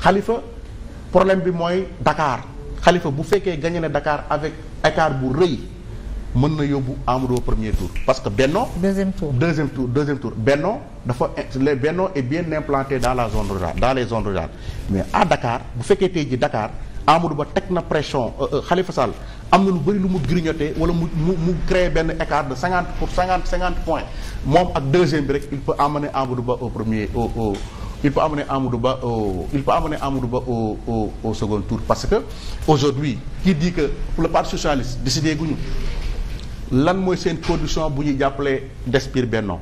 xalifa problème bi mooy dakaar xalifa bu fekkee gagné na Dakar avec écart bu rëy mën na yóbbu Amadou premier tour parce que Benno deuxième tour deuxième tour deuxième tour Benno dafa les Benno est bien implanté dans la zone rurale dans les zones rurales mais à Dakar bu fekkee tey ji Dakar Amadou Ba teg na pression euh, euh, Khalifa Sall am na lu bëri lu mu grignoté wala mu mu mu créé benn écart de cinquante pour cinquante cinquante points moom ak deuxième bi rek il peut amener Amadou Ba premier au au il peut amener Amadou Ba au il peut amener Amadou Ba au au au second tour parce que aujourd'hui qui dit que pour le parti socialiste décidé guñu lan mooy seen condition bu ñuy jàppale Despir Benno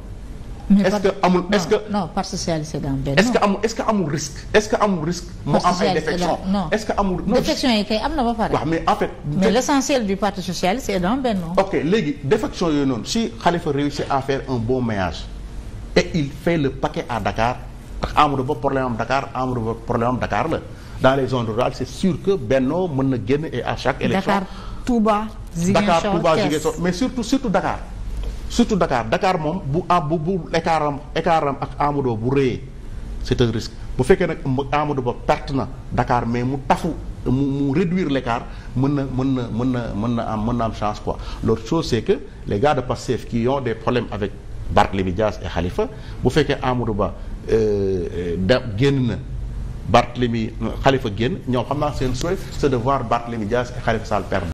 est-ce que amul est-ce que non parti socialiste dans Benno est-ce que amul est-ce que amul risque est-ce que amul risque moo am ay défection est-ce que amul défection yi kay am na ba pare waaw mais en fait mais l'essentiel du parti socialiste est dans Benno ok léegi défection yooyu noonu si Khalifa réussit à faire un bon ménage et il fait le paquet à Dakar ndax Amadou Ba problème am Dakar Amadou Ba problème am Dakar la dans les zones rurales c'est sûr que Benno mën na génn et à chaque élection Dakar Touba Ziguinchor mais surtout Dakar surtout moom bu am bu bu écartam écartam ak Amadou bu rëyee c'est un risque bu fekkee nag Amadou Ba perte na dakaar mais mu tafu mu mu réduire l'écart mën na mën na mën na mën na am mën na am chance quoi l'autre chose c'est que les gars de Pastef qui ont des problèmes avec bi jaas et xalifa bu fekkee Amadou Ba euh, euh, da génn na bi euh, Khalifa génn ñoo xam naa seen souhait c'est de voir Barthélémy jaas et Khalifa Sall perdre